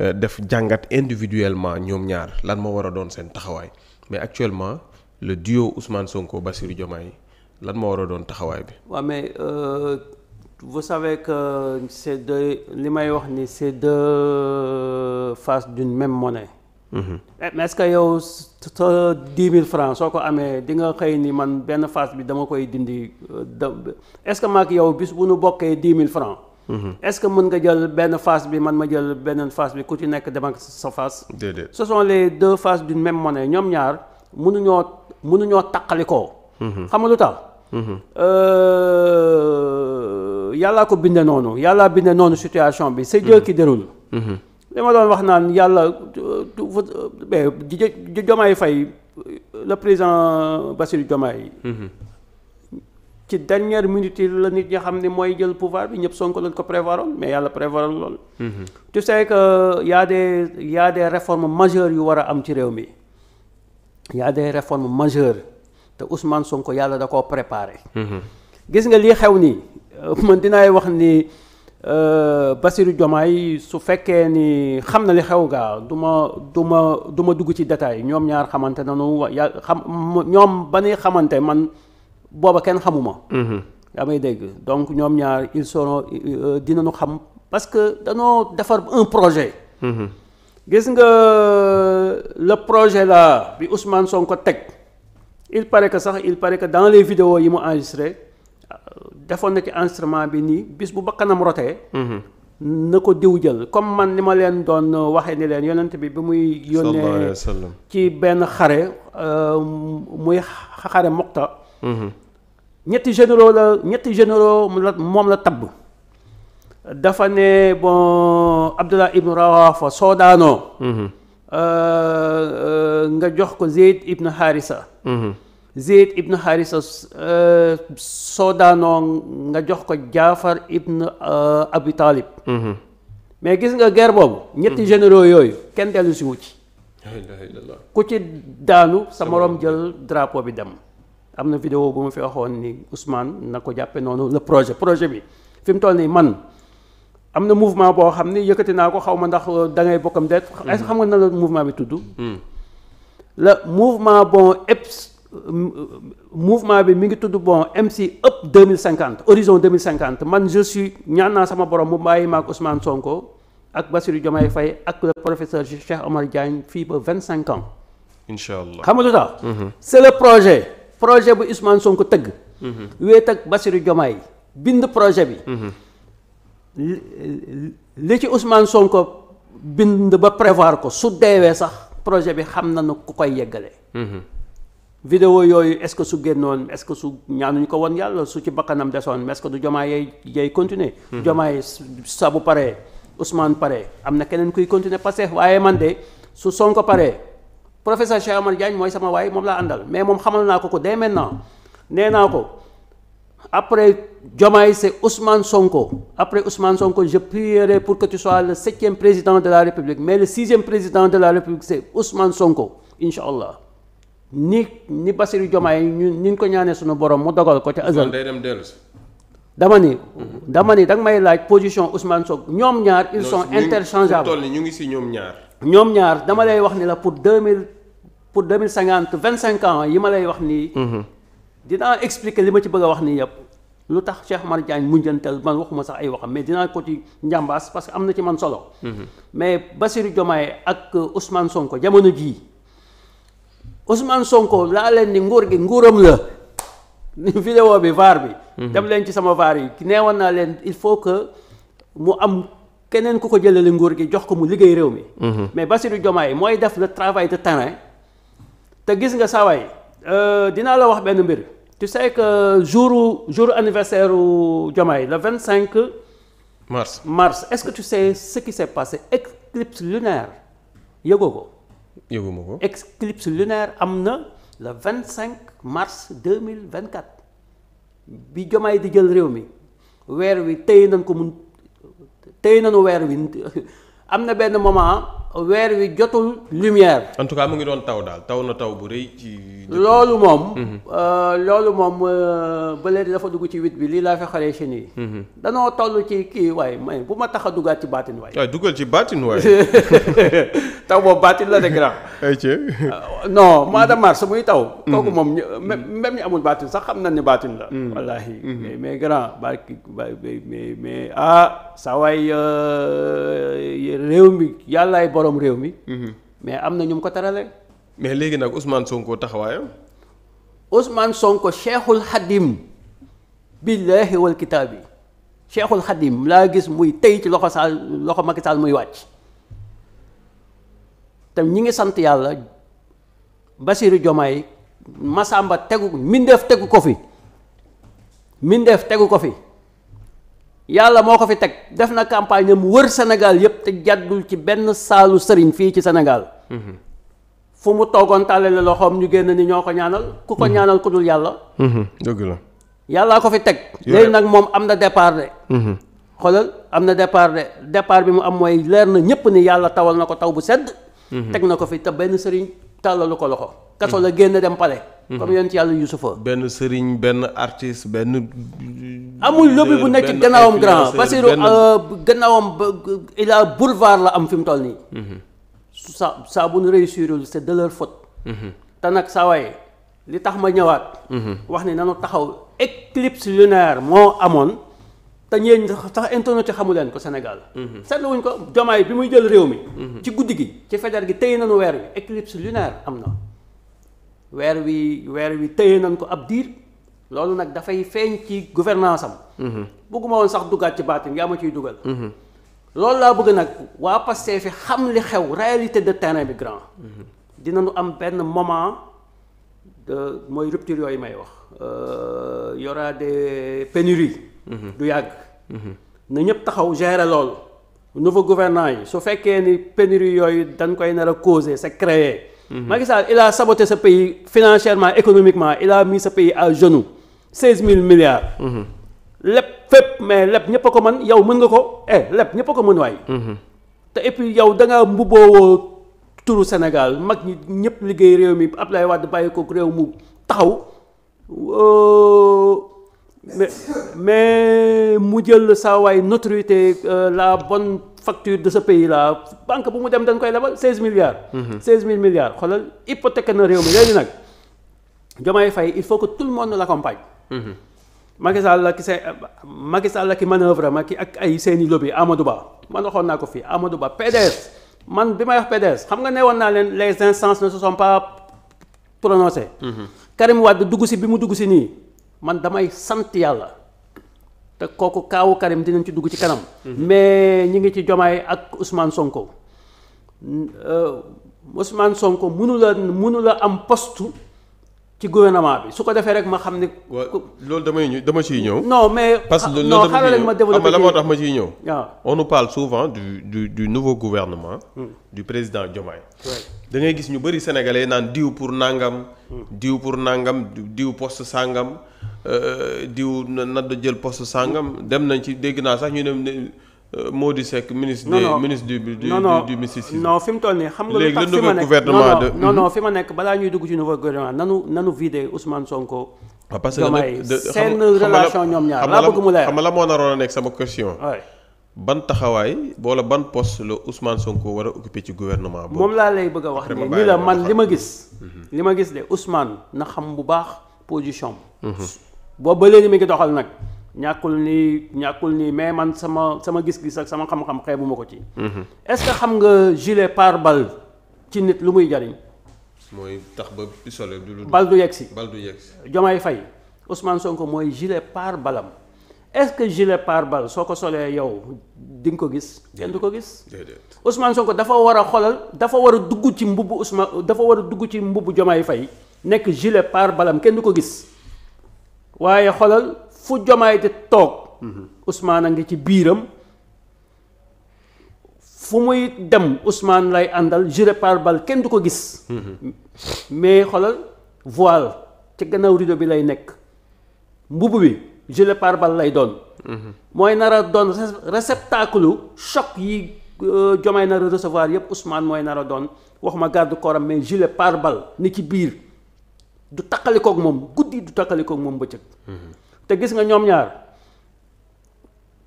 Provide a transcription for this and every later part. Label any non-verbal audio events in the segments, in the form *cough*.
Euh, def jàngat individuellement ñoom ñaar lan moo war a doon seen taxawaay mais actuellement le duo Ousmane Sonko ba Bassirou Diomaye lan moo war a doon taxawaay bi. waaw mais euh, vous savez que c'est deux li may wax ni c'est deux faces d'une même monnaie. Mmh. mais est que yow sa dix mille francs soo ko amee di nga xëy ni man benn face bi dama koy dindi euh, est-ce que maak yow bis bu nu bokkee dix mille francs. Mm-hmm. est-ce que mën nga jël benn face bi man ma jël beneen face bi ku ci nekk dem ak sa face. déedéet ce sont les deux faces d'une même monnaie ñoom ñaar mënuñoo mënuñoo taqalikoo. Mm-hmm. xam nga lu tax. Mm-hmm. Euh, yàllaa ko bindee noonu yàllaa bindee noonu situation bi c'est Dieu qui déroule. li ma doon wax naan yàlla du Diomaye Faye le président Bassirou Diomaye. ci dernière minute yi la nit ñi xam ne mooy jël pouvoir bi ñëpp Sonko lañ ko prévoiroon mais yàlla prévoiroon loolu. Mm-hmm. tu sais que y a des a des yu war a am ci réew mi y a des réformes majeures te Ousmane Sonko yàlla da koo préparé. Mm-hmm. gis nga lii xew nii *laughs* man dinaay wax ni euh, Bassirou Diomaye su fekkee ni xam na li xew gaa du ma du ma ma dugg ci détail ñoom ñaar xamante nanu ya xam ñoom ba ñuy xamante man. booba kenn xamuma damay mm-hmm. dégg donc ñoom ñaar ils seront euh, dinañu xam parce que dañoo defar un projet mm-hmm. gis nga euh, le projet la bi Ousmane ko teg il paraît que sax il paraît que dans les vidéos yi mu enregistré euh, defoon na ci enregistrement bi nii bis bu bakkanam rotee mm-hmm. na ko diw jël comme man ni ma leen doon waxee ni leen yonent bi bi muy yónnee ci benn xare muy xare Muqta ñetti généro la ñetti généro moom la tabb dafa ne bon Abdullah ibn Rawafa soo daanoo mhm. euh, euh, nga jox ko Zeyd ibn Harisa mhm. Zeyd ibn Harisa euh, soo daanoo nga jox ko Jaafar ibn Abi Talib mhm. mais gis nga guerre boobu ñetti généraux yooyu kenn dellusi si wu ci ku ci daanu sa moroom jël drapo bi dem am na vidéo bu ma fi waxoon ni Ousmane na ko jàppe noonu le projet projet bi fi mu toll nii man am na mouvement boo xam ne yëkkati naa ko xaw ma ndax euh, da ngay bokkam deet mhm. xam nga na la mouvement bi tudd hmm. la mouvement bon EPS euh, mouvement bi mi ngi tudd bon MC up 2050 horizon 2050 man je suis ñaan naa sama borom mu bàyyi ma ak Ousmane Sonko ak Bassirou Diomaye fay ak le professeur Cheikh Omar Diagne fii ba vingt cinq ans incha allah mhm. c'est le projet projet bu Ousmane Sonko tëgg. wéet ak Bassirou Diomaye bind projet bi. li ci Ousmane Sonko bind ba prévoir ko su deewee sax projet bi xam na nu ku koy yeggale. vidéo yooyu est-ce que su génnoon est-ce que su ñaanuñu ko woon yàlla su ci bakkanam desoon est-ce que du Diomaye yay yay continuer. Diomaye sa bu paree Ousmane paree am na keneen kuy continuer parce que waaye man de su Sonko paree. professeur Cheikh Amar Diagne mooy sama waay moom laa àndal mais moom xamal naa ko ko dès maintenant nee naa ko après Diomaye c'est Ousmane Sonko après Ousmane Sonko je prierai pour que tu sois le septième président de la République mais le sixième président de la République c'est Ousmane Sonko incha allah ni ni Bassirou Diomaye ñun ni ñu ko ñaanee suñu borom mu dogal ko te azal dama ni mhm. dama ni danga may laaj position Ousmane Sonko ñoom ñaar ils sont interchangeables ñu ngi si ñoom ñaar ñoom ñaar dama lay wax ni la pour deux mille pour deux mille cinquante vingt cinq ans yi ma lay wax nii. Mhm. dinaa expliquer li ma ci bëgg a wax nii yëpp. lu tax Cheikh Omar Diagne mujjantal man waxuma sax ay waxam mais dinaa ko ci njàmbaas parce que am na ci man solo. Mhm. mais Bassirou Diomaye ak Ousmane Sonko jamono jii Ousmane Sonko laa leen ni nguur gi nguuram la. *laughs* vidéo bi vaar bi. Mhm. dem leen ci sama vaar yi neewoon naa leen il faut que mu am. keneen ku ko jëlale nguur gi jox ko mu liggéey réew mi. Mhm. mais Bassirou Diomaye mooy def le travail de terrain. te gis nga saa waay euh, dinaa la wax benn mbir tu sais que jour jour anniversaire u Diomaye le vingt cinq. mars mars est-ce que tu sais ce qui s'est lunaire yëgoo ko. yëguma ko éclipse lunaire am na le vingt cinq mars deux mille vingt quatre bi Diomaye di jël réew mi weer wi téye nañ ko mun. tey nañu weer wi am na benn moment weer wi jotul lumière. en tout cas mu ngi doon taw daal taw na taw bu rëy ci. loolu moom. Mhm. Euh, loolu moom euh, ba léegi dafa dugg ci wit bi lii laa fi xale si nii. danoo toll ci kii waay may bu ma tax a duggaat ci baatin waay. waaw duggal ci baatin waay. *laughs* taw boobu baatin la de grand. *laughs* Euh, non ma de mhm. mars muy taw. Mhm. kooku moom même ñu amul baatin sax xam na ni baatin la. wallaahi mais mais grand barki mais mais ah sa waay réew mi yàllaay borom borom réew mi. Mhm. mais am na ñu mu ko tarale mais léegi nag Ousmane Sonko taxawaayam. Ousmane Sonko cheikhul xadim billaahi wal kitaabi cheikhul xadim laa gis muy tey ci loxo Sall loxo Macky muy wàcc te ñi ngi sant yàlla Basiru Jomaay Masamba tegu mindeef tegu ko fi mindeef tegu ko fi yàlla moo ko fi teg def na campagne am wër Sénégal yépp te jàddul ci benn saalu sëriñ fii ci Sénégal mhm. fu mu toogoon tàllale loxoom ñu génn ni ñoo ko ñaanal ku ko mhm. ñaanal ku dul yàlla mhm. dëgg la yàllaa ko fi teg léegi nag moom am na départ de xoolal am na départ de départ bi mu am mooy leer na ñépp ni yàlla tawal na ko taw bu sedd teg na ko fi te benn sëriñ tàllalu ko loxo kaso a génn dem pale Mhm. comme yonent yàlla Yusufa benn sëriñ benn artiste benn. amul lobby bu nekk gannaawam grand Bassirou euh, gannaawam il a boulevard la am fi mu toll nii. Mhm. sa saa bu nu réussirul c'est de leur faute. Mhm. te nag saa waay li tax ma ñëwaat. wax ni nanu taxaw éclipse lunaire moo amoon te ñeen sax internet ci xamu leen ko Sénégal. seetluwuñ ko jomaay bi muy jël réew mi. ci guddi gi ci fajar gi téye nanu weer wi éclipse lunaire am na. weer wi weer wi tëye nañ ko ab diir loolu nag dafay feeñ ci gouvernance am mhm. bëgguma woon sax duggaat ci baatin yaa ma ciy dugal mhm. loolu laa bëgg nag waa Pastef fi xam li xew réalité de terrain bi grand mhm. dinañu am benn moment de mooy rupture yooyu may wax euh, y aura des pénuries du yàgg na ñëpp taxaw gérer loolu nouveau gouvernant yi su fekkee ni pénurie yooyu dañ koy nar a causer c'est Mhm. Macky Sall il a saboté ce pays financièrement économiquement il a mis ce pays à genoux seize mille milliards. Mhm. lépp fépp mais lépp ñëpp a ko mën yow mën nga ko eh lépp ñëpp a ko mën waay. Mhm. te et puis yow da ngaa turu Sénégal mag ñi ñëpp liggéey réew mi Abdoulaye Wade bàyyi ko réew mu taxaw. Euh, mais mais mu jël saa waay notoriété euh, la bonne facture de sa pays là banque bu mu dem dañ koy lebal seize milliards. Mhm. seize mille milliards xoolal hypothèque na réew mi léegi nag Diomaye Faye il faut que tout le monde l'accompagne. Mhm. Macky Sall la ki see Macky Sall la ki manœuvre ma ki ak ay seeni lobby Amadou Ba man waxoon naa ko fii Amadou Ba PDS man bi may wax PDS xam nga ne woon naa leen les instances ne se sont pas prononcées. Mhm. Karim Wade dugg si bi mu dugg man damay sant yàlla te kooku kaawu Karim dinañ ci dugg ci kanam. mais ñi ngi ci Jomaay ak Ousmane Sonko euh, Ousmane Sonko mënu la mënu la am poste. ci gouvernement bi su ko defee rek ma xam ni. loolu damay ñu dama ciy ñëw. non mais parce que non xaaral ma développé la moo tax ma ciy ñëw. waaw on nous souvent du du du nouveau gouvernement. Hmm. du président Diomaye. da ngay gis ñu bëri sénégalais naan diw pour nangam. Hmm. diw pour nangam diw poste sangam euh, diw na na jël poste sangam dem nañ ci dégg naa sax ñu ne. Euh, Mody Seck ministre des ministre du du du mysticisme non fi mu toll nii xam nga lu tax fi ma nekk non non fi ma nekk balaa ñuy dugg ci nouveau gouvernement nanu nanu vidé Ousmane Sonko. waaw ah, parce que seen relation ñoom ñaar laa bëgg mu moo naroon a nekk sama question. ban taxawaay wala ban post la Ousmane Sonko war a occupé ci gouvernement boobu. moom laa lay bëgg a wax nii nii la man li ma gis. Mhm. li ma gis de Ousmane na xam bu baax position am. Mhm. boobu ba léegi mi ngi doxal nag. ñàkkul nii ñàkkul ni mais man sama sama gis-gis ak sama xam-xam bu ma ko ci. Mhm. est-ce que xam nga gilet pare-balle ci nit lu muy jariñ. mooy tax ba pistolet du. bal du yegg si bal du yegg si. Diomaye Faye Ousmane Sonko mooy gilet pare-balle est-ce que gilet pare-balle soo ko solee yow di nga ko gis. kenn du ko gis. Ousmane Sonko dafa war a xolal dafa war a dugg ci mbubu Ousmane dafa war a dugg ci mbubbu Diomaye fay nekk gilet pare-balle kenn du ko gis waaye xolal. fu jomaay di toog Ousmane a ngi ci biiram fu muy dem Ousmane lay àndal juré par balle kenn du ko gis mais xolal voile ci gannaaw rideau bi lay nekk mbubb wi juré parbal lay doon mooy nar a doon réceptacle choc yi euh, jomaay nar a recevoir yépp Ousmane mooy nara a doon waxuma garde corps mais gilet pare-balle ni ci biir du taqalikook moom guddi du taqalikook moom bëccëg te gis nga ñoom ñaar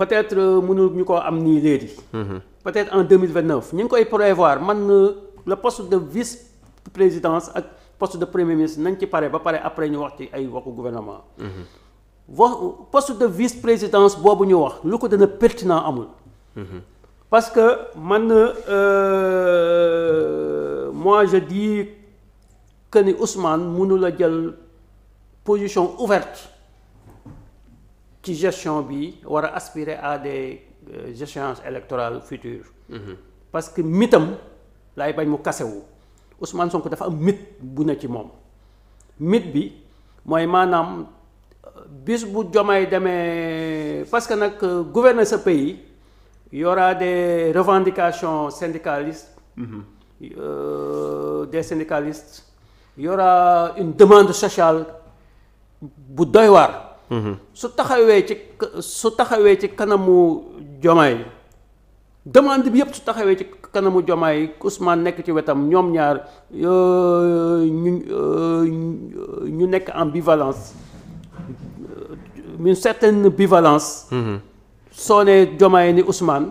peut-être euh, mënu ñu ko am nii léegi. Mm-hmm. peut-être en 2029 ñu ngi koy prévoir man euh, la poste de vice présidence ak poste de premier ministre nañ ci pare ba pare après ñu wax ci ay waxu gouvernement. Mm-hmm. wax poste de vice présidence boobu ñu wax lu ko dana pertinent amul. Mm-hmm. parce que man mois euh, moi di dis que ni Ousmane mënu la jël position ouverte. ci gestion bi war a aspirer à des euh, échéances électorales futures mhm. parce que mitam laay bañ mu kasewu Ousmane Sonko dafa am mit bu ne ci moom mit bi mooy maanaam euh, bis bu jomay demee parce que nag euh, gouverner ce pays y aura des revendications syndicalistes mmh. euh, une demande sociale bu doy waar su taxawee ci su taxawee ci kanamu Jomaay demande bi yëpp su taxawee ci kanamu Jomaay Ousmane nekk ci wetam ñoom ñaar ñu nekk en bivalence une certaine bivalence. Mm-hmm. soo ne Jomaay ni Ousmane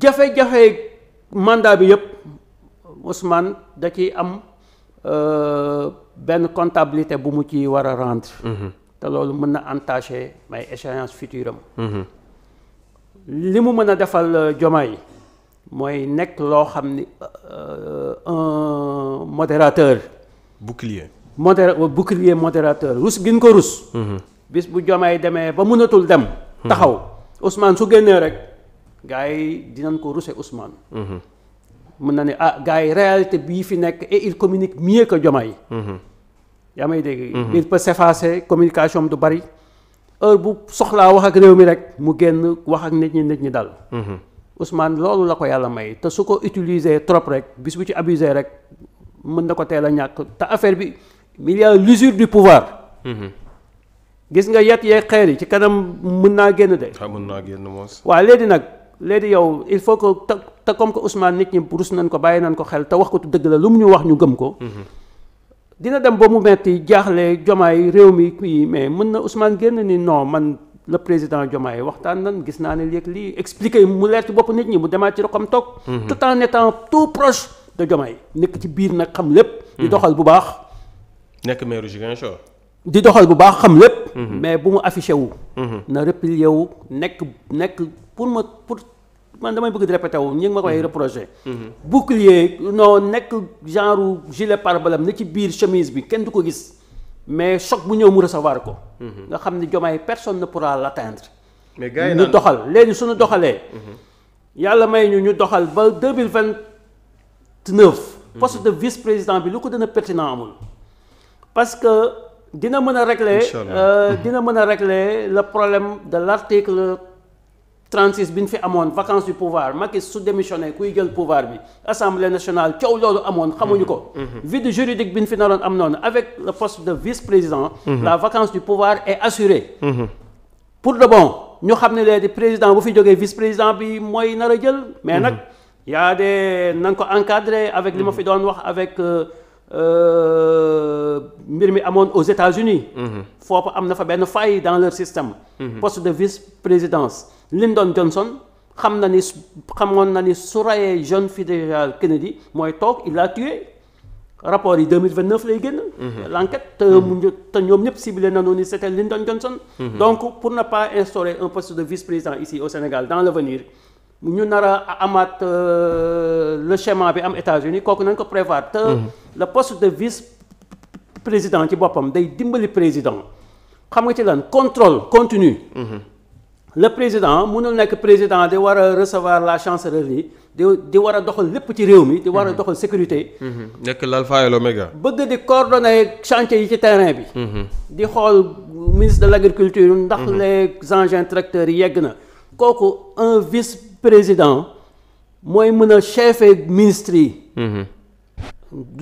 jafe-jafe mandat bi yëpp Ousmane da ciy am. Euh, benn comptabilité bu mu ci war a rendre. Mhm. te loolu mën na entacher may échéance future am. Mhm. li mu mën a defal euh, Diomaye mooy nekk loo xam ni euh, un modérateur. bouclier. modéra bouclier modérateur rus gin ko rus. Mhm. bis bu Diomaye demee ba mënatul dem. taxaw Ousmane su génnee rek gars yi dinañ ko ruse Ousmane. mën na ne ah gars yi réalité bii fi nekk et il communique mieux que Diomaye mhm. yaa may dégg mhm. il peut s'effacer communication du bari heure bu soxlaa wax ak réew mi rek mu génn wax ak nit ñi nit ñi dal mhm. Ousmane loolu la ko yàlla may te su ko utiliser trop rek bis bu ci abuser rek mën na ko teel a ñàkk te affaire bi il y a l'usure du pouvoir gis nga yet yee xeer yi ci kanam mën naa génn de ah, mën naa génn nag léegi yow il faut que te te comme que Ousmane nit ñi rus nañ ko bàyyi nañ ko xel te wax ko tu dëgg la lu mu ñu wax ñu gëm ko. Mhm. dina dem ba mu metti jaaxle Diomaye réew mi kii mais mën na Ousmane génn ni no man le président Diomaye waxtaan nañ gis naa ne léeg lii expliqué mu leer bopp nit ñi mu demaat ci rokkam toog. Mhm. tout en étant tout proche de Diomaye nekk ci biir nag xam lépp. di mhm. doxal bu baax. nekk maire Ziguinchor. di doxal bu baax xam lépp. Mhm. mais bu mu affiché wu. Mhm. na replié wu nekk nekk pour ma pour man damay bëgg di répété wu ma koy mhm. reproché. bouclier non nekk genre gilet pare-balles na ci biir chemise bi kenn du ko gis mais choc bu ñëw mu recevoir ko. nga xam ne Diomaye personne ne pourra l'atteindre. mais gars yi ñu doxal léegi suñu doxalee. yàlla may ñu ñu doxal ba deux vingt neuf. poste de vice président bi lu ko dana pertinent amul dina mën a régler euh, dina a régler le problème de l' article 36 bi ñu fi amoon vacance du pouvoir Macky su démissionné kuy jël pouvoir bi assemblée nationale coow loolu amoon xamuñu ko. Mm-hmm. Mm-hmm. vide juridique bi ñu fi naroon am noonu avec le poste de vice président. Mmh. la vacance du pouvoir est assurée. Mmh. pour de bon ñu xam ne léegi président bu fi jógee vice président bi mooy nar a jël. mais nag mm-hmm. y a des nañ ko encadré avec li ma fi doon wax avec. Euh, euh, mbir mi amoon aux États-Unis mhm. foofu am na fa benn faille dans leur système mhm. poste de vice-présidence Lyndon Johnson xam na ni xamoon na ni su rayee John Fitzgerald Kennedy mooy toog il l'a tué rapport yi 2029 lay génn mhm. l'enquête te mu te ñoom ñëpp ciblé nañu ni c'était Lyndon Johnson donc pour ne pas instaurer un poste de vice-président ici au Sénégal dans l'avenir ñu nara a amaat euh, le schéma bi am États-Unis kooku nañ ko prévoir te le poste de vice président ci boppam day dimbali président xam nga ci lan contrôle continue mhm. le président mënul nekk président di war a recevoir la chancellerie di di war a doxal lépp ci réew mi. di war a mhm. doxal sécurité. Mhm. nekk l'alpha et l'oméga. bëgg di coordonner chantier yi ci terrain bi. di xool ministre de l'agriculture. ndax les engins tracteurs yi yegg na. kooku un vice président mooy mën a chefe ministre yi.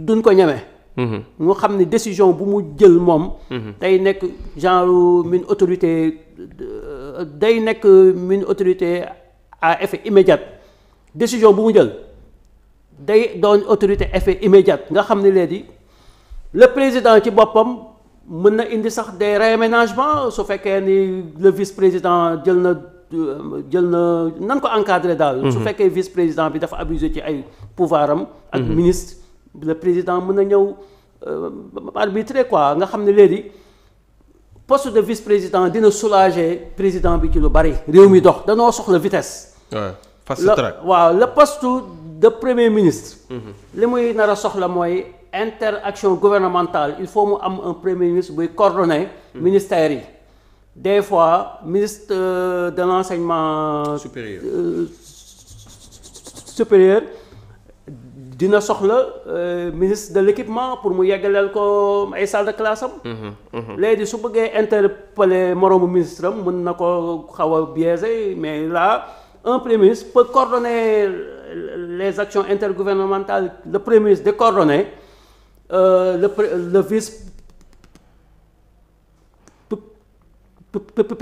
duñ ko ñeme. ñu mhm. xam ne décision bu mu jël moom. Mhm. day nekk genre une autorité day nekk une autorité à effet immédiat décision bu mu jël day doon autorité effet immédiat nga xam ne léegi le président ci boppam mën na indi sax des réaménagements su fekkee ni le vice président jël na. jël na nan ko encadré daal. Mhm. su fekkee vice président bi dafa abusé ci ay pouvoir am. ak ministre. le président mën a ñëw euh, arbitrer quoi nga xam ne léegi post de vice président dina soulager président bi ci lu bari. réew mi dox danoo soxla vitesse. waaw fast track waaw le de premier ministre. Mhm. li muy nar a soxla mooy interaction gouvernementale il faut mu am un premier ministre buy coordonner. Mhm. ministères yi. des fois ministre euh, de l'enseignement supérieur euh, supérieur. dina soxla euh, ministre de l'équipement pour mu yeggaleel ko ay salle de classe am. Mhm, mhm. léegi su bëggee interpeller moroomu ministre am mën na ko xaw a biaisé mais là un premier ministre peut coordonner les actions intergouvernementales le premier ministre de coordonner euh, le le vice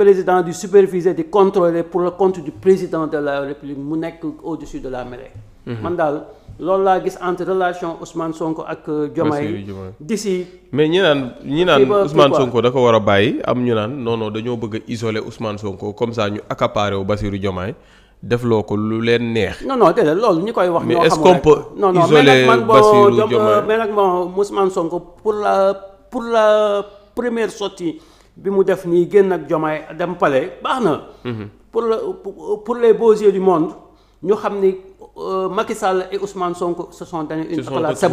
président du superviser di contrôler pour le compte du président de la République mu nekk au-dessus de la mêlée. Mhm. man daal loolu laa gis entre relation Ousmane Sonko ak euh, Diomaye d'ici mais ñi naan ñi naan Ousmane Sonko da ko war a bàyyi am ñu naan non dañoo bëgg a isoler Sonko comme ça ñu accaparer wu Bassirou def loo ko lu leen neex. non non déedéet loolu ñu koy wax. ñoo xamul mais est-ce qu'on peut isoler Bassirou mais nag bon Ousmane Sonko pour la pour la première sortie bi mu def nii génn ak Diomaye dem palais baax na. Mhm. pour pour les beaux yeux du monde ñu xam ni. Euh, Macky Sall et Ousmane Sonko se une accolade c'est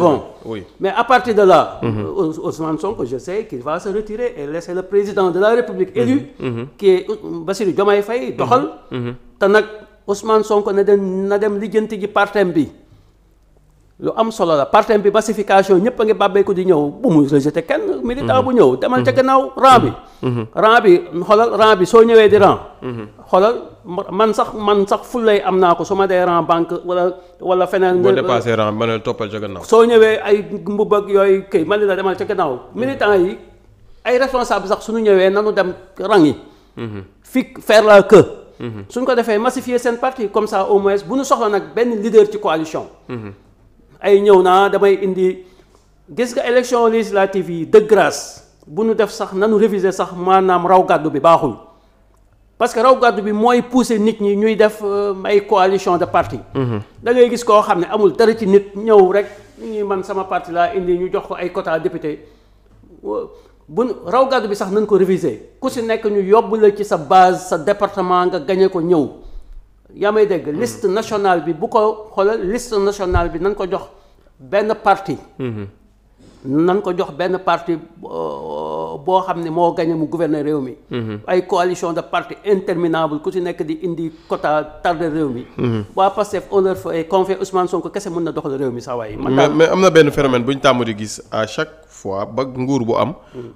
mais à de là mhm. euh, Ousmane Sonko je sais qu'il va se retirer et laisser le président de la République élu mhm. Mhm. qui est euh, Bassirou Diomaye Faye doxal te nag Ousmane Sonko na dem na dem lijjanti ji partem bi lu am solo la partem bi pacification ñëpp a ngi bàbbeeku di ñëw bu mu rejeté kenn militant bu ñëw demal ca gannaaw rang bi rang bi xoolal ran bi soo ñëwee di rang. Mhm. xoolal man sax man sax ful lay am naa ko su ma dee rang banque wala wala feneen. boo dépassé rang ma ne toppal ca gannaaw. soo ñëwee ay mbubb ak yooyu kay man la demal ca gannaaw. Mhm. militant yi ay responsable sax suñu ñëwee nanu dem ran yi. Mhm. fi faire la queue. suñ ko defee massifier seen parti comme ça au moins bu ñu soxla nag benn leader ci coalition. ay ñëw naa damay indi gis nga élection législative yi de grâce. bu nu def sax nanu réviser sax maanaam raw gàddu bi baaxul parce que raw gàddu bi mooy pousser nit ñi ñuy def euh, ay coalition de parti mhm. da ngay gis koo xam ne amul dara ci nit ñëw rek ñi man sama parti laa indi ñu jox ko ay quota député bu raw gàddu bi sax nañ ko réviser ku si nekk ñu yóbbu la ci sa base sa département nga gañe ko ñëw yaa may dégg mhm. liste nationale bi bu ko xoolal liste national bi nañ ko jox benn parti mhm. nan ko jox benn parti euh, boo xam ne moo gagné mu gouverner réew mi. Mhm. ay coalition de parti interminable ku si nekk di indi quota tardé réew mi. Mhm. waa Pastef on leur fait confiance Ousmane kese mën na doxal réew mi sax waay. mais mais am na benn phénomène bu ñu tàmm di gis à chaque fois ba nguur bu am. Mhm.